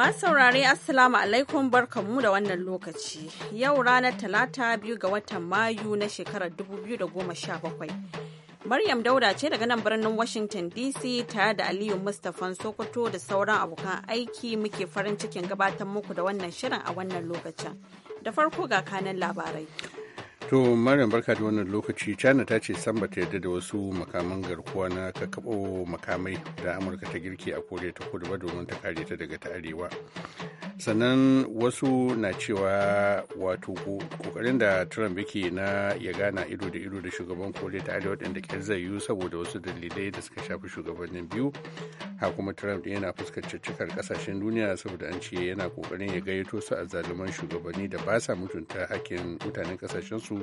Masu saurare Assalamu alaikum barkanmu da wannan lokaci. Yau ranar Talata biyu ga watan Mayu na shekarar 2017. Maryam Dauda ce daga nan birnin Washington DC tare da Aliyu Mustapha Sokoto da sauran abokan aiki muke farin cikin gabatar muku da wannan shirin a wannan lokacin. Da farko ga kanan labarai. To Mariam barka da wannan lokaci China ta ce san bata yarda da wasu makaman garkuwa na kakabo makamai da Amurka ta girki a Koriya ta Kudu ba domin ta kare ta daga ta arewa. Sannan wasu na cewa wato kokarin da Trump yake na ya gana ido da ido da shugaban Koriya ta Arewa ɗin da kyar zai yi saboda wasu dalilai da suka shafi shugabannin biyu. Ha kuma Trump yana fuskantar cikar kasashen duniya saboda an ce yana kokarin ya gayyato su a zaluman shugabanni da ba sa mutunta hakkin mutanen kasashen su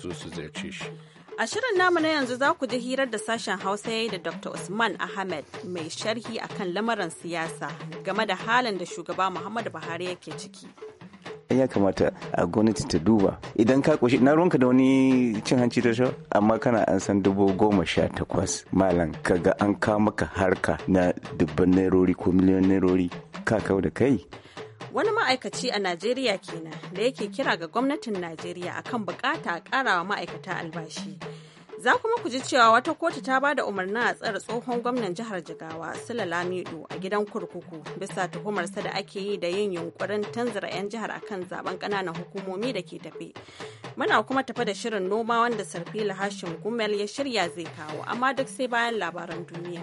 su su shi a shirin namu na yanzu za ku ji hirar da sashen hausa ya yi da dr usman ahmed mai sharhi akan lamarin siyasa game da halin da shugaba muhammadu buhari yake ciki ya kamata a gwamnati ta duba idan ka koshi na ruwanka da wani cin hanci ta sha amma kana an san dubu goma sha takwas malam kaga an kawo maka harka na dubban nerori ko miliyan nerori ka kawo da kai wani ma'aikaci a najeriya kenan da yake kira ga gwamnatin najeriya akan bukata a karawa ma'aikata albashi za kuma ku ji cewa wata kotu ta ba da umarni a tsare tsohon gwamnan jihar jigawa sula lamido a gidan kurkuku bisa tuhumarsa da ake yi da yin yunkurin tanzara 'yan jihar akan zaben kananan hukumomi da ke tafe muna kuma tafa da shirin noma wanda sarfila hashim gumel ya shirya zai kawo amma duk sai bayan labaran duniya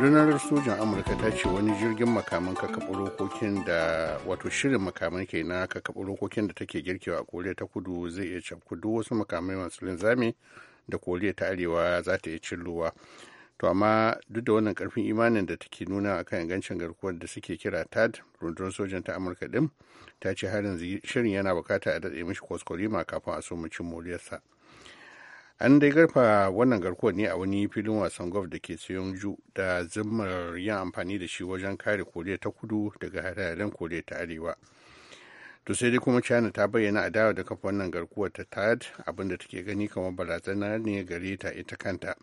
rundunar sojan amurka ta ce wani jirgin makaman kakaɓo rokokin da wato shirin makaman ke na kakaɓo rokokin da take girkewa a koriya ta kudu zai iya cafku duk wasu makamai masu linzami da koriya ta arewa za ta iya cillowa to amma duk da wannan karfin imanin da take nuna a kan ingancin garkuwar da suke kira tad rundunar sojan ta amurka din ta ce harin shirin yana bukata a daɗe mishi kwaskwarima kafin a so mu cin moriyarsa. an dai garfa wannan garkuwar ne a wani filin wasan golf da ke ju da zimmar yin amfani da shi wajen kare koriya ta kudu daga hare-haren koriya ta arewa to sai dai kuma china ta bayyana a adawa da kafa wannan garkuwar ta tad abinda take gani kamar barazana ne gare ta ita kanta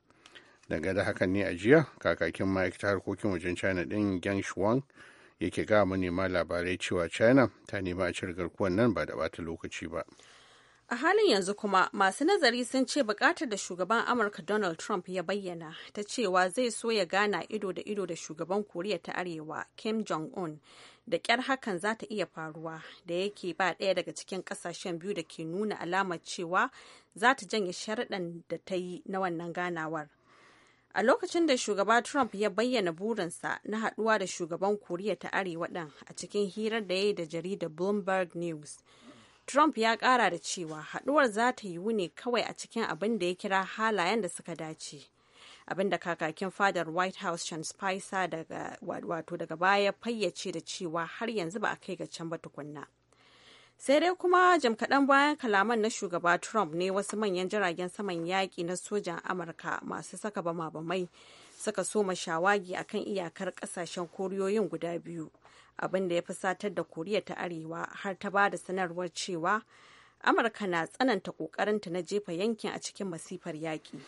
daga da hakan ne a jiya kakakin ta harkokin wajen china din yang shuang yake ga manema labarai cewa china ta nema a cire garkuwar nan ba da bata lokaci ba A halin yanzu kuma masu nazari sun ce bukatar da shugaban Amurka Donald Trump ya bayyana ta cewa zai so ya gana ido da ido da shugaban Koriya ta Arewa Kim Jong-un da ƙyar hakan za ta iya faruwa da yake ba ɗaya daga cikin ƙasashen biyu da ke nuna alamar cewa za ta janye sharaɗan da ta yi na wannan ganawar. A lokacin da shugaba Trump ya bayyana burinsa na haɗuwa da shugaban Koriya ta Arewa ɗin a cikin hirar da ya yi da jaridar Bloomberg News. Trump ya kara da cewa haduwar za ta yiwu ne kawai a cikin abin da ya kira halayen da suka dace. Abin da kakakin fadar White House Sean Spicer daga wato daga baya fayyace da cewa har yanzu ba a kai ga can ba tukunna. sai dai kuma jim kaɗan bayan kalaman na shugaba trump ne wasu manyan jiragen saman yaƙi na sojan amurka masu saka bama-bamai suka soma shawagi akan iyakar ƙasashen koriyoyin guda biyu abin da ya fusatar da koriya ta arewa har ta ba da sanarwar cewa amurka na tsananta kokarinta na jefa yankin a cikin masifar yaƙi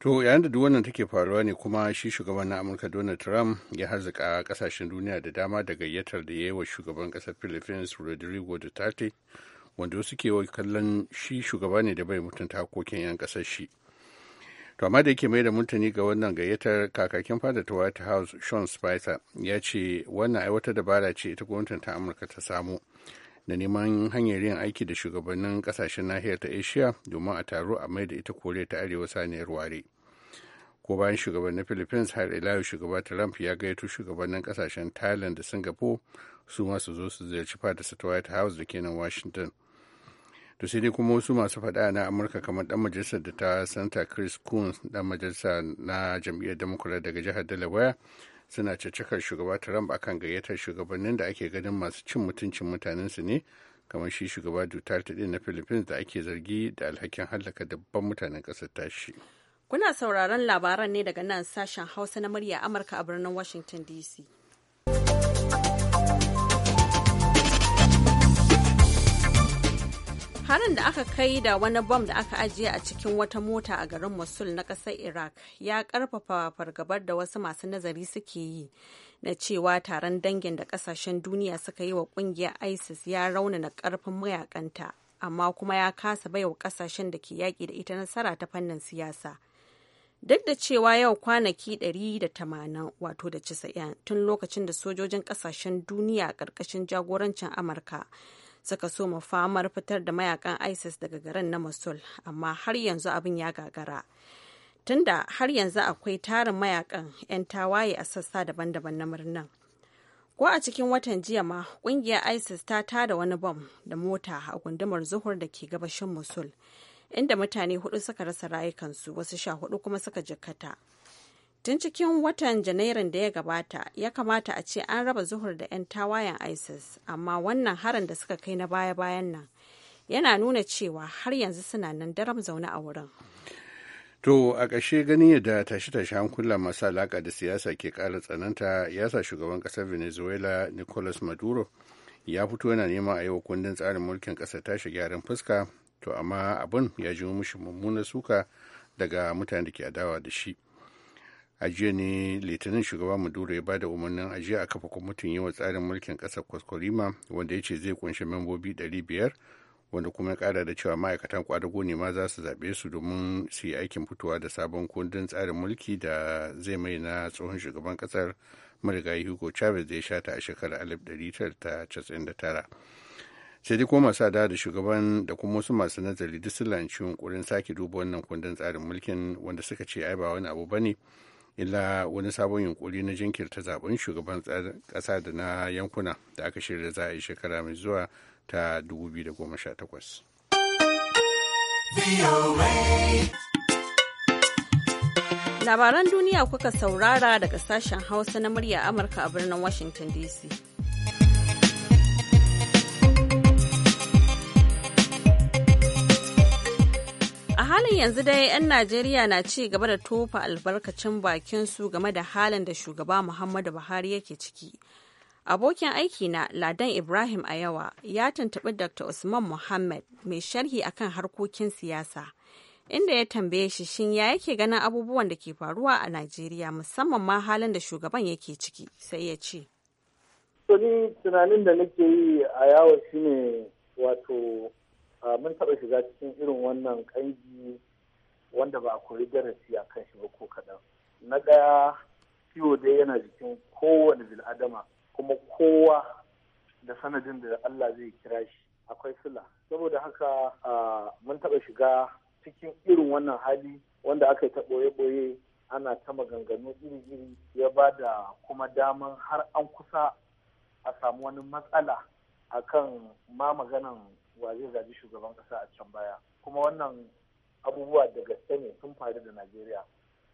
to yayin da duk wannan take faruwa ne kuma shi shugaban na amurka donald trump ya harzika kasashen duniya da dama da gayyatar da ya yi wa shugaban kasar philippines rodrigo duterte wanda wasu ke kallon shi shugaba ne da bai mutunta hakokin 'yan kasar shi to amma da yake mai da mutane ga wannan gayyatar kakakin fada ta white house sean spicer ya ce wannan ai wata dabara ce ita gwamnatin ta amurka ta samu da neman hanyar yin aiki da shugabannin kasashen nahiyar ta asia domin a taro a mai da ita koriya ta arewa saniyar ware ko bayan shugabannin philippines har ila shugaba trump ya gayyato shugabannin kasashen thailand da singapore su masu zo su ziyarci fada ta white house da kenan washington to sai dai kuma wasu masu faɗa na amurka kamar ɗan majalisar da ta santa chris coons dan majalisa na jam'iyyar democrat daga jihar delaware suna caccakar shugaba trump akan gayyatar shugabannin da ake ganin masu cin mutuncin mutanensu ne kamar shi shugaba duterte din na philippines da ake zargi da alhakin hallaka dabban mutanen ƙasar tashi kuna sauraron labaran ne daga nan sashen hausa na murya amurka a birnin washington dc harin da aka kai da wani bom da aka ajiye a cikin wata mota a garin mosul na ƙasar iraq ya karfafa fargabar da wasu masu nazari suke yi na cewa taron dangin da ƙasashen duniya suka yi wa ƙungiyar isis ya raunana ƙarfin mayakanta amma kuma ya kasa baiwa ƙasashen da ke yaƙi da ita nasara ta fannin siyasa duk da cewa yau kwanaki 180 wato da 90 tun lokacin da sojojin ƙasashen duniya ƙarƙashin jagorancin amurka suka so mu famar fitar da mayakan isis daga garin na mosul amma har yanzu abin ya gagara tunda har yanzu akwai tarin mayakan 'yan tawaye a sassa daban-daban na murnan ko a cikin watan jiya ma kungiyar isis ta tada wani bom da mota a gundumar zuhur da ke gabashin mosul inda mutane hudu suka rasa rayukansu wasu sha hudu kuma suka jikkata tun cikin watan janairun da ya gabata ya kamata a ce an raba zuhur da 'yan tawayen isis amma wannan harin da suka kai na baya-bayan nan yana nuna cewa har yanzu suna nan daram zaune a wurin To a ƙashe gani da tashi-tashi hankula masu alaƙa da siyasa ke ƙara tsananta ya sa shugaban ƙasar Venezuela Nicolas Maduro ya fito yana neman a yi wa kundin tsarin mulkin ƙasa tashi gyaran fuska to amma abun ya ji mushi mummunar suka daga mutane da ke adawa da shi. a jiya ne litinin shugaba maduro ya bada umarnin ajiya a kafa kwamitin wa tsarin mulkin ƙasar kwaskwarima wanda ya ce zai kunshi membobi 500 wanda kuma ya kara da cewa ma'aikatan kwadago ne ma za su zaɓe su domin su yi aikin fitowa da sabon kundin tsarin mulki da zai mai na tsohon shugaban kasar marigayi hugo chavez da ya shata a shekarar 1999 sai dai kuma masu da shugaban da kuma wasu masu nazari duk sun lanci yunkurin sake duba wannan kundin tsarin mulkin wanda suka ce ai ba wani abu ba ne illa wani sabon yunkuri na jinkirta zaben shugaban kasa da na yankuna da aka shirya za a yi shekara mai zuwa ta 2018 labaran duniya kuka saurara daga sashen hausa na murya amurka a birnin washington dc halin yanzu dai 'yan Najeriya na ci gaba da tofa albarkacin bakin su game da halin da shugaba Muhammadu Buhari yake ciki. Abokin aiki na Ladan Ibrahim Ayawa ya tuntuɓi Dr. Usman Muhammad mai sharhi akan harkokin siyasa, inda ya tambaye shi shin ya yake ganin abubuwan da ke faruwa a Najeriya musamman ma halin da shugaban yake ciki sai ya ce. tunanin da nake yi a yawo shine wato mun taɓa shiga cikin irin wannan ƙangi wanda ba a koyi darasi a kan shi ba ko kaɗan na ɗaya ciwo dai yana jikin kowane bil'adama kuma kowa da sanadin da Allah zai kira shi akwai sula. saboda haka mun taɓa shiga cikin irin wannan hali wanda aka yi ta ɓoye-ɓoye ana ta maganganu iri-iri ya ba da kuma daman har an kusa a samu wani matsala akan ma maganan wa zai zaɓi shugaban ƙasa a can baya kuma wannan abubuwa da gaske ne sun faru da najeriya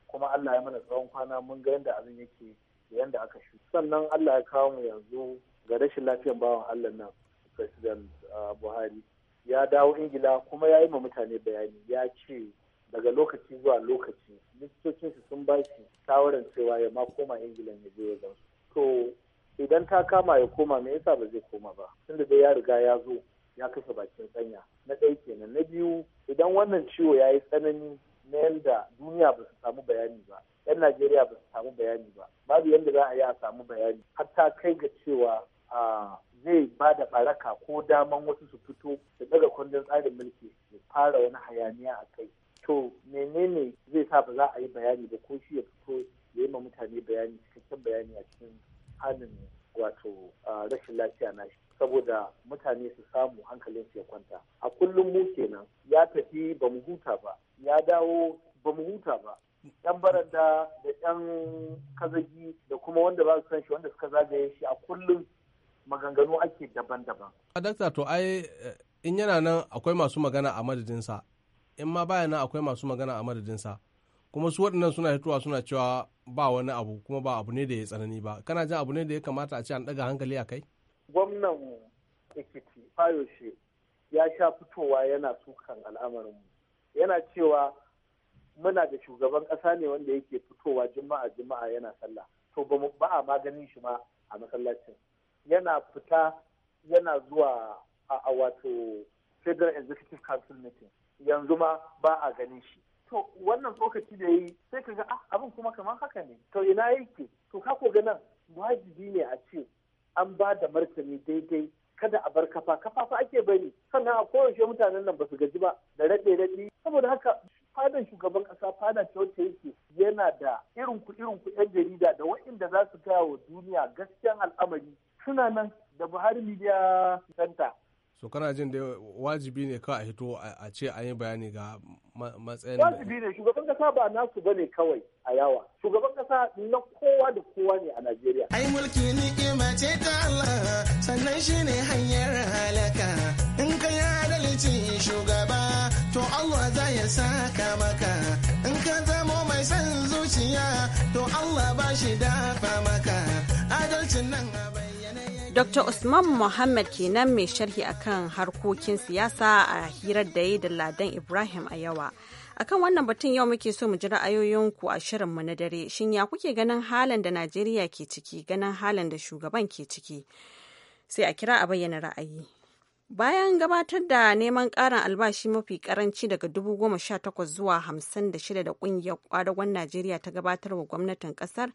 kuma allah ya mana tsawon kwana mun ga yadda abin yake da yadda aka shi sannan allah ya kawo mu yanzu ga rashin lafiyar bawan allah nan president uh, buhari ya dawo ingila kuma ya yi ma mutane bayani ya ce daga lokaci zuwa lokaci likitocinsu sun ba shi shawarar cewa ya ma koma ingila ya je wajen to idan ta kama ya koma me yasa ba zai koma ba tunda dai ya riga ya zo ya kashe bakin tsanya na ɗaya kenan na biyu idan wannan ciwo ya yi tsanani na yadda duniya ba su samu bayani ba yan najeriya ba su samu bayani ba babu yadda za a yi a samu bayani hatta kai ga cewa zai ba da baraka ko daman wasu su fito su daga kundin tsarin mulki su fara wani hayaniya a kai to menene zai sa ba za a yi bayani ba ko shi ya fito ya yi ma mutane bayani cikakken bayani a cikin halin wato rashin lafiya na shi saboda mutane su kwanta a kullum mu kenan ya tafi ba mu huta ba ya dawo ba mu huta ba yan baranda da yan kazagi da kuma wanda ba su san shi wanda suka zagaye shi a kullum maganganu ake daban-daban. a dakta to ai eh, in yana nan akwai masu magana a madadinsa in ma baya nan akwai masu magana a madadinsa kuma su waɗannan suna hitowa suna cewa ba wani abu kuma ba abu ne da ya tsanani ba kana jin abu ne da ya kamata a ce an ɗaga hankali a kai gwamnan ekiti fayos ya sha fitowa yana sukan al'amarinmu yana cewa muna da shugaban ƙasa ne wanda yake fitowa juma'a juma'a yana sallah to ba a maganin shi ma a masallacin yana fita yana zuwa a wato federal executive council meeting yanzu ma ba a ganin shi to wannan tsokaci da yi sai ka ga ah, abin kuma kamar haka ne to ina yake to ka ko nan wajibi ne a ce an ba da martani daidai kada a bar kafa kafafa ake bari sannan a koyaushe mutanen nan ba su gaji ba da raɗe raɗe saboda haka fadan shugaban ƙasa fada ta wacce yake yana da irin ku irin ku yan jarida da waɗanda za su kawo duniya gaskiyan al'amari suna nan da Buhari Media Center so kana jin da wajibi ne kawai a hito a ce an yi bayani ga matsayin wajibi ne shugaban kasa ba nasu bane kawai a yawa shugaban kasa na kowa da kowa ne a najeriya ai mulki ni'ima ce ta allah sannan shi ne hanyar halaka in ka yi adalci shugaba to allah za ya saka maka in ka zama mai son zuciya to allah ba shi dafa maka adalcin nan ba Dr. Usman Muhammad kenan mai sharhi akan harkokin siyasa a hirar da ya da Ladan Ibrahim a yawa. akan wannan batun yau muke so mu ji ra'ayoyinku a shirinmu na dare shin ya kuke ganin halin da najeriya ke ciki ganin halin da shugaban ke ciki sai a kira a bayyana ra'ayi bayan gabatar da neman ƙarin albashi mafi karanci daga dubu goma sha takwas zuwa hamsin da shida da ƙungiyar ƙwadagon najeriya ta gabatar wa gwamnatin ƙasar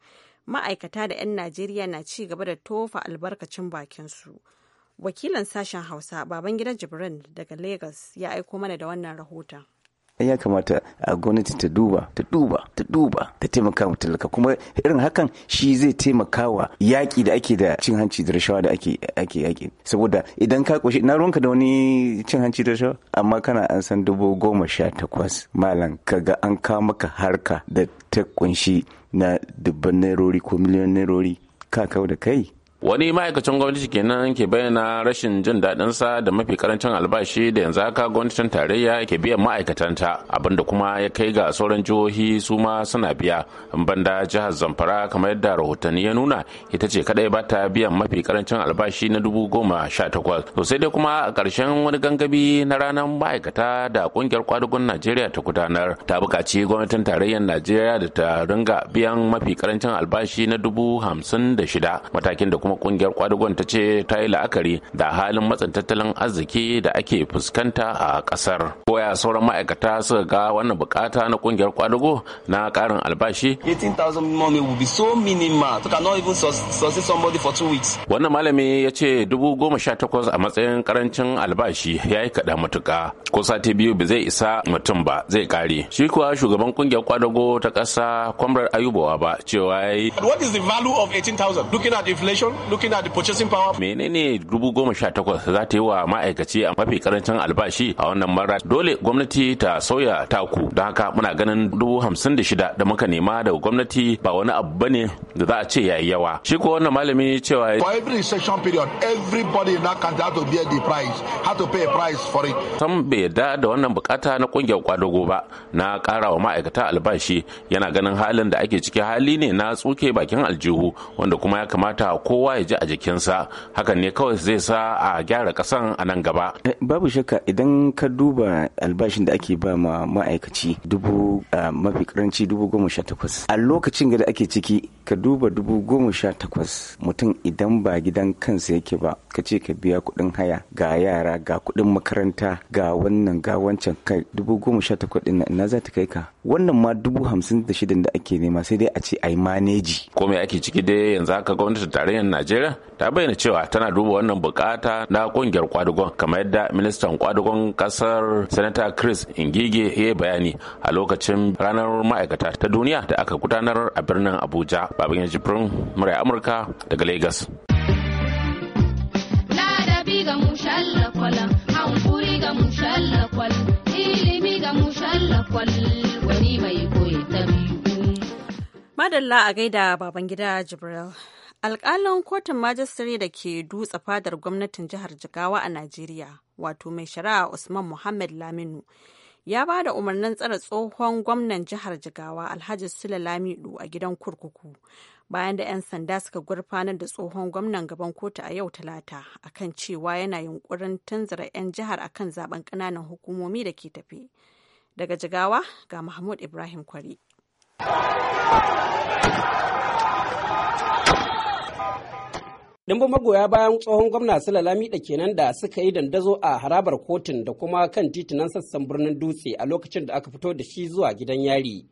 ma'aikata da 'yan najeriya na ci gaba da tofa albarkacin bakinsu wakilan sashen hausa babangida jibrin daga Legas, ya aiko mana da wannan rahoton ya kamata a gwamnati ta duba ta duba ta duba ta taimaka wa talaka kuma irin hakan shi zai taimaka wa yaƙi da ake da cin hanci da rashawa da ake yaƙi saboda idan ka ƙoshi na ruwanka da wani cin hanci da rashawa amma kana an san dubu goma sha takwas malam kaga an kawo maka harka da ta kunshi na dubban nerori ko miliyan nerori ka kawo da kai wani ma'aikacin gwamnati kenan ke bayyana rashin jin daɗinsa da mafi karancin albashi da yanzu haka gwamnatin tarayya ke biyan ma'aikatanta abinda kuma ya kai ga sauran jihohi su ma suna biya banda jihar zamfara kamar yadda rahotanni ya nuna ita ce kadai ba ta biyan mafi karancin albashi na dubu goma sha takwas to dai kuma a ƙarshen wani gangami na ranar ma'aikata da ƙungiyar kwadugun najeriya ta gudanar ta buƙaci gwamnatin tarayyar najeriya da ta ringa biyan mafi karancin albashi na dubu hamsin da shida matakin da kuma kuma kungiyar kwadugon ta ce ta yi la'akari da halin matsin tattalin arziki da ake fuskanta a kasar koya sauran ma'aikata suka ga wannan bukata na kungiyar kwadugo na karin albashi 18,000 money will be so minimal to cannot even sustain somebody for two weeks wannan malami ya ce dubu goma sha takwas a matsayin karancin albashi ya yi kaɗa matuƙa ko sati biyu ba zai isa mutum ba zai kare shi kuwa shugaban kungiyar kwadago ta kasa kwamrar ayubawa ba cewa ya yi what is the value of 18,000 looking at inflation looking at the purchasing power. Menene dubu goma sha takwas za ta yi wa ma'aikaci a mafi karancin albashi a wannan mara dole gwamnati ta sauya taku don haka muna ganin dubu hamsin da shida da muka nema daga gwamnati ba wani abu bane da za a ce yayi yawa. Shi ko wannan malami cewa. For every recession period everybody in that country to bear the price to pay a price for it. Sam bai yarda da wannan bukata na kungiyar kwadogo ba na kara wa ma'aikata albashi yana ganin halin da ake ciki hali ne na tsuke bakin aljihu wanda kuma ya kamata kowa kowa ya ji a jikinsa hakan ne kawai zai sa a gyara kasan a nan gaba babu shakka idan ka duba albashin da ake ba ma ma'aikaci dubu mafi karanci dubu goma sha takwas a lokacin da ake ciki ka duba dubu goma sha takwas mutum idan ba gidan kansa yake ba ka ce ka biya kuɗin haya ga yara ga kuɗin makaranta ga wannan ga wancan kai dubu goma sha takwas ɗin na za ta kai ka wannan ma dubu hamsin da shidan da ake nema sai dai a ce a yi maneji ko ake ciki dai yanzu haka gwamnatin tarayyar najeriya ta bayyana cewa tana duba wannan bukata na kungiyar kwadugon kamar yadda ministan kwadugon kasar senator chris ingige ya bayani a lokacin ranar ma'aikata ta duniya da aka gudanar a birnin abuja babin ya jibrin murai amurka daga lagos madalla a gaida babangida jibril alƙalin kotun majistare da ke dutse fadar gwamnatin jihar jigawa a najeriya wato mai shari'a usman muhammad laminu ya ba da umarnin tsare tsohon gwamnan jihar jigawa alhaji Sula lamidu a gidan kurkuku bayan da 'yan sanda suka gurfanar da tsohon gwamnan gaban kotu a yau talata akan cewa yana yunkurin tunzura 'yan jihar akan zaben ƙananan hukumomi da ke tafe daga jigawa ga mahmud ibrahim kwari ba magoya bayan tsohon gwamna Sulalami da kenan da suka yi dandazo a harabar kotun da kuma kan titunan sassan birnin dutse a lokacin da aka fito da shi zuwa gidan yari.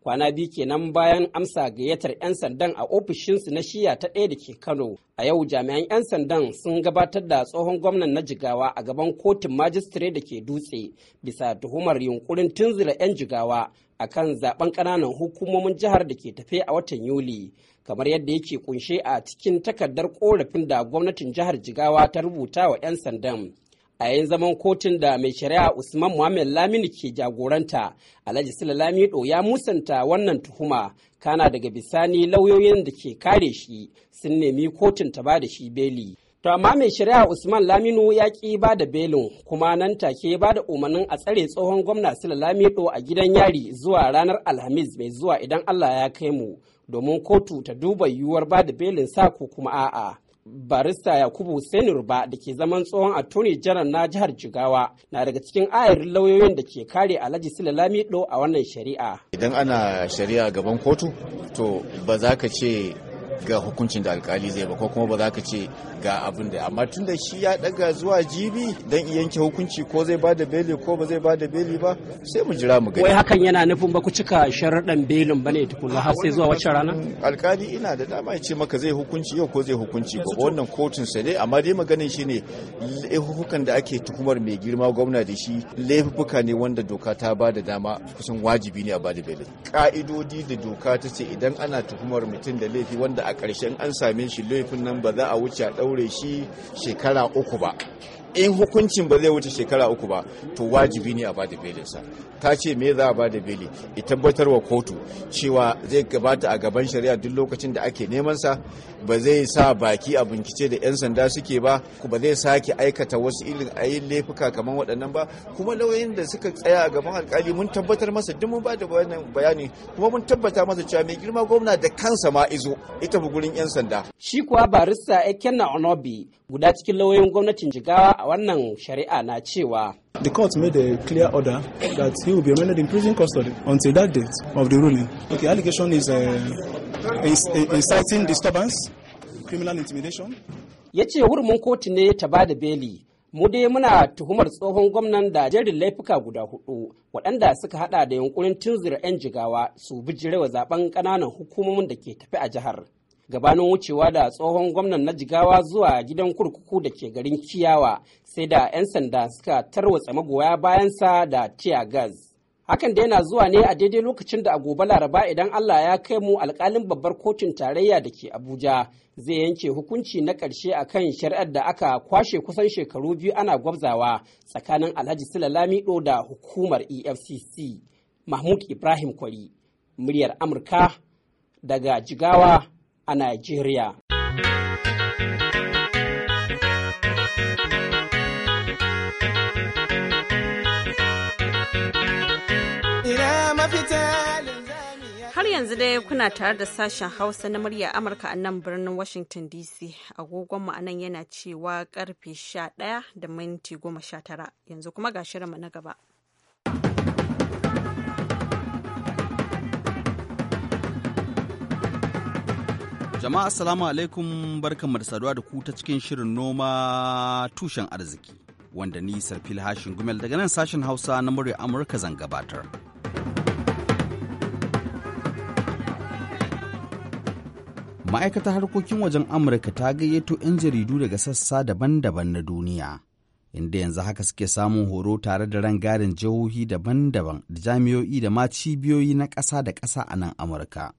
Kwana biyu kenan bayan amsa gayyatar 'yan sandan a ofishinsu na shiya ta ɗaya da ke Kano. A yau jami'an 'yan sandan sun gabatar da tsohon gwamnan na jigawa a gaban kotun majistire da ke dutse bisa tuhumar yunkurin tunzura 'yan jigawa a kan zaben ƙananan hukumomin jihar da ke tafe a watan Yuli. kamar yadda yake kunshe a cikin takardar korafin da gwamnatin jihar jigawa ta rubuta wa 'yan sandan a yayin zaman kotun da mai shari'a usman muhammad lamini ke jagoranta alhaji sila lamido ya musanta wannan tuhuma kana daga bisani lauyoyin da ke kare shi sun nemi kotun ta bada shi beli To amma mai shari'a Usman Laminu ya ki bada belin kuma nan take ba da umarnin a tsare tsohon gwamna Sula a gidan yari zuwa ranar Alhamis mai zuwa idan Allah ya kai mu domin kotu ta duba yiwuwar ba da belin sa ko kuma a'a. barista yakubu ruba da ke zaman tsohon attorney general na jihar jigawa na daga cikin ayarin lauyoyin da ke kare alhaji sila lamido a wannan shari'a idan ana shari'a gaban kotu to ba za ka ce ga hukuncin da alkali zai ba ko kuma ba za ka ce ga abin da amma tunda shi ya daga zuwa jibi dan yanke hukunci ko zai ba da beli ko ba zai ba da beli ba sai mu jira mu gani wai hakan yana nufin ba ku cika sharaɗan belin bane tukuna har sai zuwa wacce rana mm, alkali ina da dama ya ce maka zai hukunci yau ko zai hukunci ba wannan kotun sa ne amma dai maganin shi ne hukukan da ake tuhumar mai girma gwamna da shi laifuka ne wanda doka ta ba da dama kusan wajibi ne a ba da belin ka'idodi da doka ta ce idan ana tuhumar mutum da laifi wanda a ƙarshen an same shi laifin nan ba za a wuce a ɗaure shi shekara uku ba in hukuncin ba zai wuce shekara uku ba to wajibi ne a ba da belinsa ta ce me za a ba da beli ya tabbatar wa kotu cewa zai gabata a gaban shari'a duk lokacin da ake neman sa ba zai sa baki a bincike da 'yan sanda suke ba ba zai sake aikata wasu irin ayin laifuka kamar waɗannan ba kuma lauyoyin da suka tsaya a gaban alkali mun tabbatar masa duk mun ba da bayani kuma mun tabbata masa cewa mai girma gwamna da kansa ma izo ita gurin 'yan sanda shi kuwa barista ekenna onobi guda cikin lauyoyin gwamnatin jigawa wannan shari'a na cewa The court made a clear order that he will be remanded in prison custody until that date of the ruling. Okay, allegation is uh, inciting disturbance, criminal intimidation. Ya ce hurumin kotu ne ta ba da beli mu dai muna tuhumar tsohon gwamnan da jerin laifuka guda hudu waɗanda suka hada da yunkurin tunzura 'yan jigawa su bijirewa zaben ƙananan hukumomin da ke tafi a jihar gabanin wucewa da tsohon gwamnan na jigawa zuwa gidan kurkuku da ke garin kiyawa sai da 'yan sanda suka tarwatsa magoya bayansa da tear gas hakan da yana zuwa ne a daidai lokacin da a gobe laraba idan allah ya kai mu alkalin babbar kotun tarayya da ke abuja zai yanke hukunci na ƙarshe a kan shari'ar da aka kwashe kusan shekaru biyu ana gwabzawa tsakanin alhaji silalamido da hukumar efcc mahmud ibrahim kwari muryar amurka daga jigawa a Najeriya. Har yanzu dai kuna tare da sashen Hausa na murya Amurka a nan birnin Washington DC. Agogonmu a nan yana cewa karfe 11 da minti 19 yanzu kuma ga shirinmu na gaba. Jama'a assalamu alaikum barkanmu da saduwa da ku ta cikin shirin noma tushen arziki wanda ni Sarfil Hashin Gumel daga nan sashen Hausa na murya Amurka zan gabatar. Ma'aikatar harkokin wajen Amurka ta gayyato 'yan jaridu daga sassa daban-daban na duniya. inda yanzu haka suke samun horo tare da rangarin jihohi daban-daban da jami'o'i da ma cibiyoyi na ƙasa da ƙasa a nan Amurka.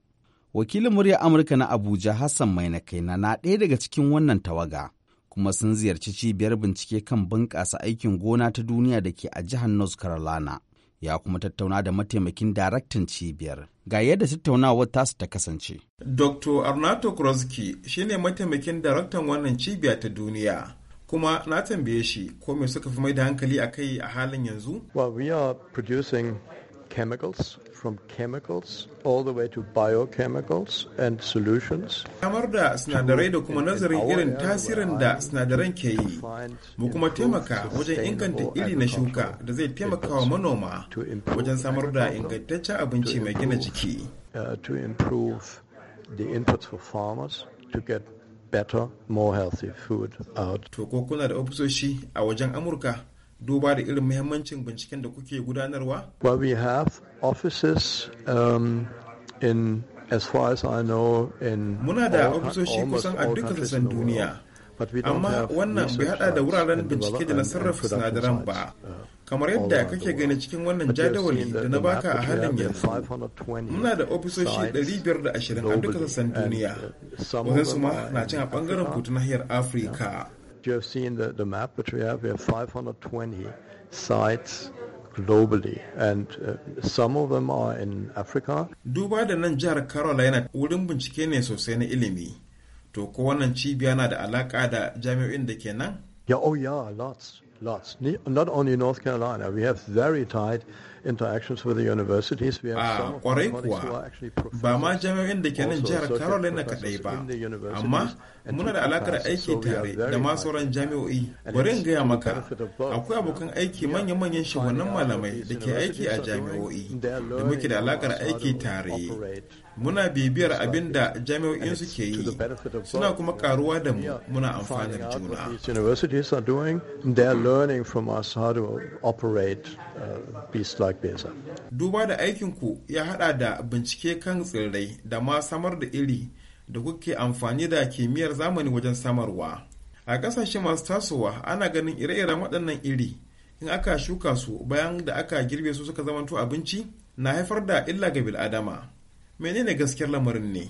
Wakilin muryar Amurka na Abuja Hassan Mai na kaina na ɗaya daga cikin wannan tawaga, kuma sun ziyarci cibiyar bincike kan bunƙasa aikin gona ta duniya da ke a jihar North Carolina. ya kuma tattauna da mataimakin daraktan cibiyar ga yadda tattaunawar tasu ta kasance. Dr. Arnato Krosky shine mataimakin daraktan wannan cibiya ta duniya. kuma na tambaye shi ko me suka fi mai da hankali a kai a halin yanzu? Well, chemicals, from chemicals all the way to biochemicals and solutions. Kamar da sinadarai da kuma nazarin irin tasirin da sinadaran ke yi, mu kuma taimaka wajen inganta iri na shuka da zai taimaka wa manoma wajen samar da ingantaccen abinci mai gina jiki. To improve uh, the inputs for farmers to get better, more healthy food out. To kokuna da ofisoshi a wajen Amurka? duba da irin muhimmancin binciken da kuke gudanarwa? Well, we have offices um, in as far as I know in Muna da ofisoshi kusan a dukkan sassan duniya. Amma wannan bai hada da wuraren bincike da na sarrafa sinadaran ba. Uh, Kamar yadda kake gani cikin wannan jadawali da na baka a halin yanzu, muna da ofisoshi 520 a dukkan sassan duniya, wasu su ma na cin a bangaren kutu nahiyar Afirka. you have seen the, the map which we have. We have 520 sites globally and uh, some of them are in Africa. Duba da nan jihar Carolina wurin bincike ne sosai na ilimi. To ko wannan cibiya na da alaka da jami'o'in da ke nan? Yeah, oh yeah, lots, lots. Not only North Carolina, we have very tight a ah, kwarai kuwa ba ma jami'o'in da ke nan jihar carolina kaɗai ba amma muna da alakar aiki tare da ma sauran jami'o'i bari in gaya maka akwai abokan aiki manya-manyan shugabannin malamai da ke aiki a jami'o'i da muke da alakar aiki tare muna bibiyar abin da jami'o'in suke yi suna kuma karuwa da mu muna amfanar juna universities are doing, they are learning from us how to operate, uh, Duba da aikinku ya hada da bincike kan tsirrai da ma samar da iri da kuke amfani da kimiyyar zamani wajen samarwa. A ƙasashe masu tasowa ana ganin ire-iren waɗannan iri in aka shuka su bayan da aka girbe su suka zamanto abinci na haifar da illa ga bil'adama. Menene gaskiyar lamarin ne?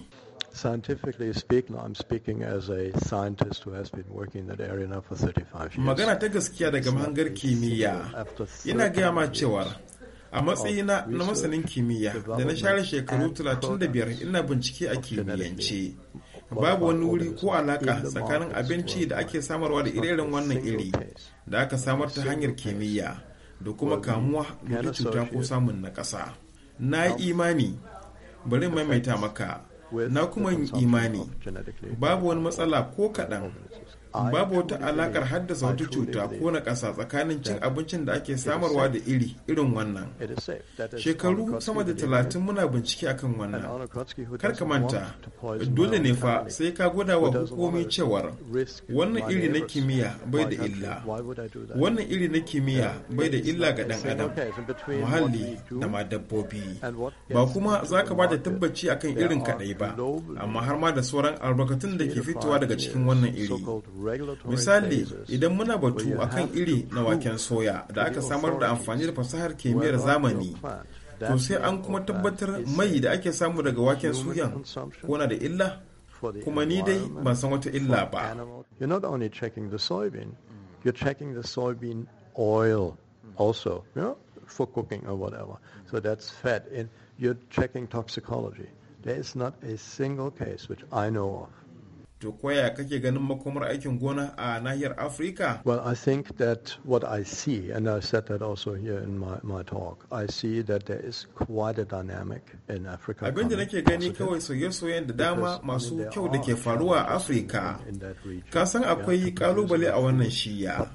Scientifically speaking, I'm speaking as a scientist who has been working in that area now for 35 years. Magana ta gaskiya daga mahangar kimiyya. Ina gaya ma cewar a matsayina na masanin kimiyya da na share shekaru 35 ina bincike a kimiyyance babu wani wuri ko alaka tsakanin abinci da ake samarwa da irin wannan iri da aka samar ta hanyar kimiyya da kuma kamuwa da cuta ko samun na ƙasa na yi imani bari maimaita maka na kuma imani babu wani matsala ko kaɗan babu wata alakar haddasa wata cuta ko na ƙasa tsakanin cin abincin da ake samarwa da iri irin wannan shekaru sama da talatin muna bincike akan wannan kar ka manta dole ne fa sai ka gwada wa hukumi cewar wannan iri na kimiyya bai da illa wannan iri na kimiyya bai da illa ga ɗan adam muhalli da ma dabbobi ba kuma za ka ba tabbaci akan irin kaɗai ba amma har ma da sauran albarkatun da ke fitowa daga cikin wannan iri Misali, idan muna batu akan iri na waken soya da aka samar da amfani da fasahar kimiyyar zamani, to sai an kuma tabbatar mai da ake samu daga waken ko na da illa, kuma ni dai ban san wata illa ba. oil also, you know, for cooking or whatever. So that's fat. And you're checking toxicology. There is not a single case which I know of To koya kake ganin makomar aikin gona a nahiyar afrika Well, I think that what I see, and I said that also here in my, my talk, I see that there is quite a dynamic in Africa. Abin da nake gani kawai soye-soyen da dama masu kyau da ke faruwa a Afirka. Ka san akwai kalubale a wannan shiya.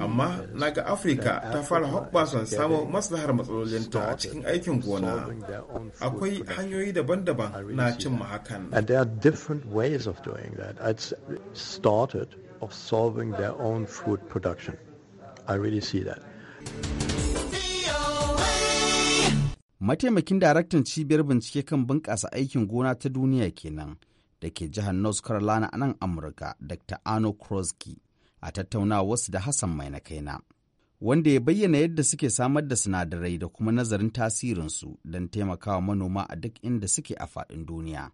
Amma ga afrika ta fara hoɓɓasan samun maslahar matsalolinta a cikin aikin gona. Akwai hanyoyi daban-daban na cimma hakan. And there are different ways of doing that. I started of solving their own food production. I really see that. Mataimakin daraktan cibiyar bincike kan bunƙasa aikin gona ta duniya kenan da ke jihar North Carolina a nan Amurka, Dr. Ano Krosky, a tattauna wasu da Hassan mai na kaina. wanda ya bayyana yadda suke samar da sinadarai da kuma nazarin tasirinsu don taimakawa manoma a duk inda suke a faɗin duniya.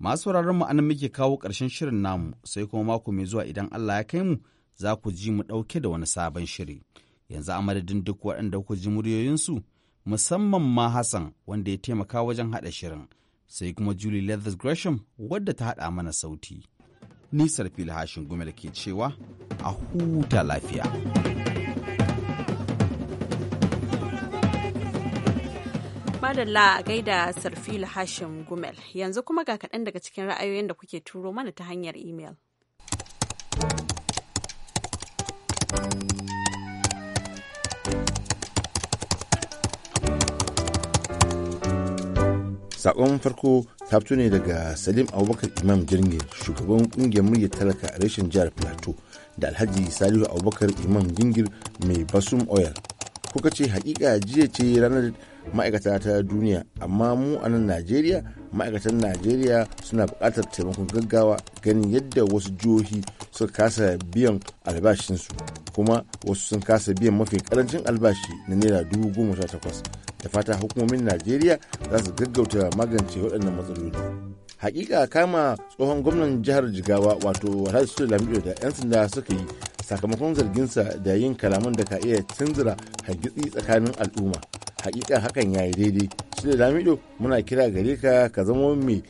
Masu sauraron mu anan muke kawo ƙarshen shirin namu sai kuma mako mai zuwa idan Allah ya kai mu za ku ji mu ɗauke da wani sabon shiri. Yanzu a madadin duk waɗanda ku ji muryoyinsu musamman ma Hassan wanda ya taimaka wajen haɗa shirin sai kuma Julie Leathers Gresham wadda ta haɗa mana sauti. Nisar fili hashin gumel ke cewa a huta lafiya. madalla a gaida sarfil hashim gumel yanzu kuma ga kaɗan daga cikin ra'ayoyin da kuke turo mana ta hanyar imel sakon farko ta fito ne daga salim abubakar imam jirgin shugaban kungiyar murya talaka a reshen jihar plateau da alhaji salihu abubakar imam jingir mai basum oil kuka ce hakika jiya ce ranar ma'aikata ta duniya amma mu a nan najeriya ma'aikatan najeriya suna buƙatar taimakon gaggawa ganin yadda wasu jihohi suka kasa biyan albashinsu kuma wasu sun kasa biyan mafi karancin albashi na naira dubu goma sha takwas da fata hukumomin najeriya za su gaggauta magance waɗannan matsaloli hakika kama tsohon gwamnan jihar jigawa wato alhaji sule da 'yan sanda suka yi sakamakon zarginsa da yin kalaman da ka iya tunzura hargitsi tsakanin al'umma hakika hakan yayi daidai su da lamido muna kira gare ka ka zama mai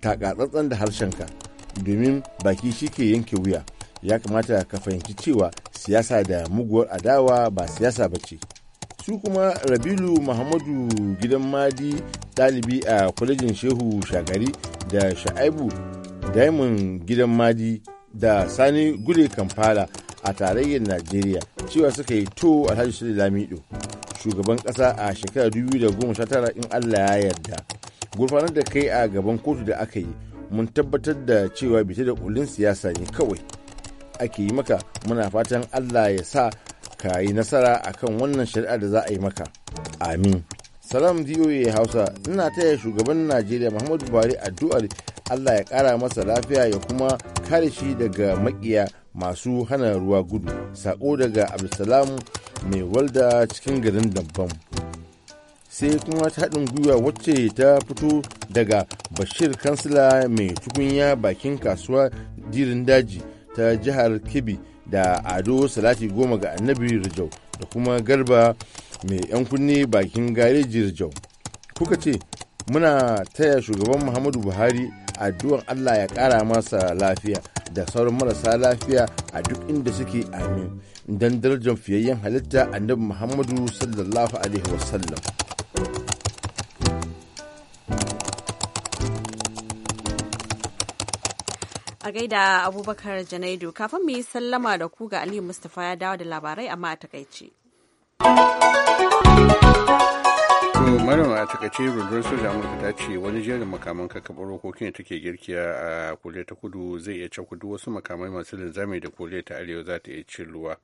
takatsantsan da harshen ka domin baki shi ke yanke wuya ya kamata ka fahimci cewa siyasa da muguwar adawa ba siyasa ba ce su kuma rabilu muhammadu gidan madi dalibi a kwalejin shehu shagari da sha'aibu daimon gidan madi da sani gure kamfala a tarayyar najeriya cewa suka yi to alhaji lamido shugaban ƙasa a shekarar 2019 in Allah ya yarda. Gurfanar da kai a gaban kotu da aka yi mun tabbatar da cewa bita da kullun siyasa ne kawai ake yi maka muna fatan Allah ya sa ka yi nasara kan wannan shari'a da za a yi maka. Amin. Salam ya Hausa, ina taya shugaban Najeriya Muhammadu Buhari addu'ar Allah ya kara masa lafiya ya kuma kare shi daga maƙiya masu hana ruwa gudu sako daga abdulsalam mai walda cikin garin dabam sai kuma ta haɗin gwiwa wacce ta fito daga bashir kansila mai tukunya bakin kasuwa jirin daji ta jihar kebbi da ado salati goma ga annabi rijau da kuma garba mai yan kunne bakin gareji rijau kuka ce muna taya shugaban muhammadu buhari addu'ar allah ya ƙara masa lafiya da sauran marasa lafiya a duk inda suke amin don darajar fiyayyen halitta annabi muhammadu sallallahu alaihi wasallam a gaida abubakar janaidu kafin mu yi sallama da ku ga aliyu mustapha ya dawo da labarai amma a takaice. malam a takaice rundunar soja amurka ta ce wani jerin makaman kakabar rokokin da take girkiya a koliya ta kudu zai iya cakudu wasu makamai masu linzami da koriya ta arewa za ta iya ruwa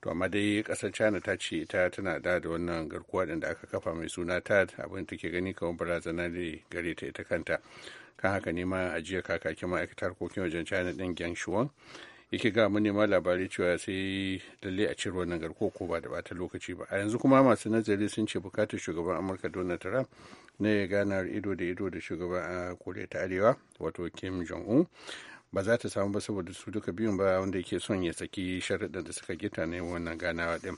to amma dai kasar china ta ce ita tana da da wannan garkuwa da aka kafa mai suna tad abin take gani kamar barazana ne gare ta ita kanta kan haka ne ma a kakakin ma'aikatar kokin wajen china din gyan shuwan yake ga manema labarai cewa sai lalle a ciro wannan garko ko ba da bata lokaci ba a yanzu kuma masu nazari sun ce bukatar shugaban amurka donald trump na ya gana ido da ido da shugaban koriya ta arewa wato kim jong un ba za ta samu ba saboda su duka biyun ba wanda yake son ya saki sharaɗin da suka gita ne wannan ganawa din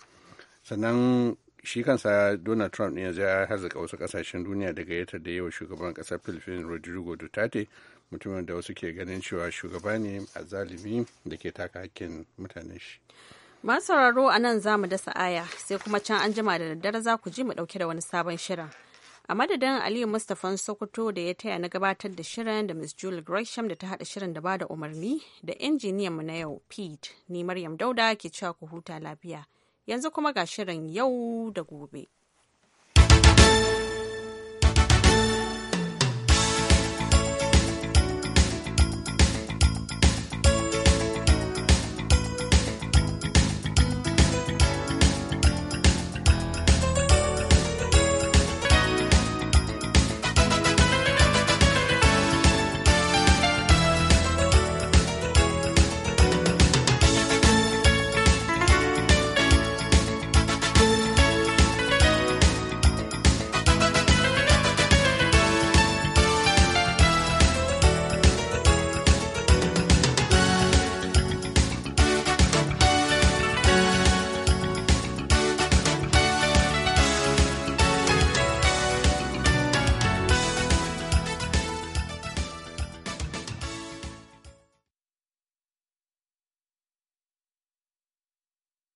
sannan shi kansa donald trump ne ya harzika wasu kasashen duniya daga yatar da yawa shugaban kasar philippines rodrigo duterte mutumin da wasu ke ganin cewa shugaba ne a zalimi da ke taka hakkin mutane shi masu sauraro a nan za mu dasa aya sai kuma can an jima da daddare za ku ji mu dauke da wani sabon shirin a madadin aliyu mustapha sokoto da ya taya na gabatar da shirin da miss julie gresham da ta haɗa shirin da ba da umarni da injiniyan mu na yau pete ni maryam dauda ke cewa ku huta lafiya yanzu kuma ga shirin yau da gobe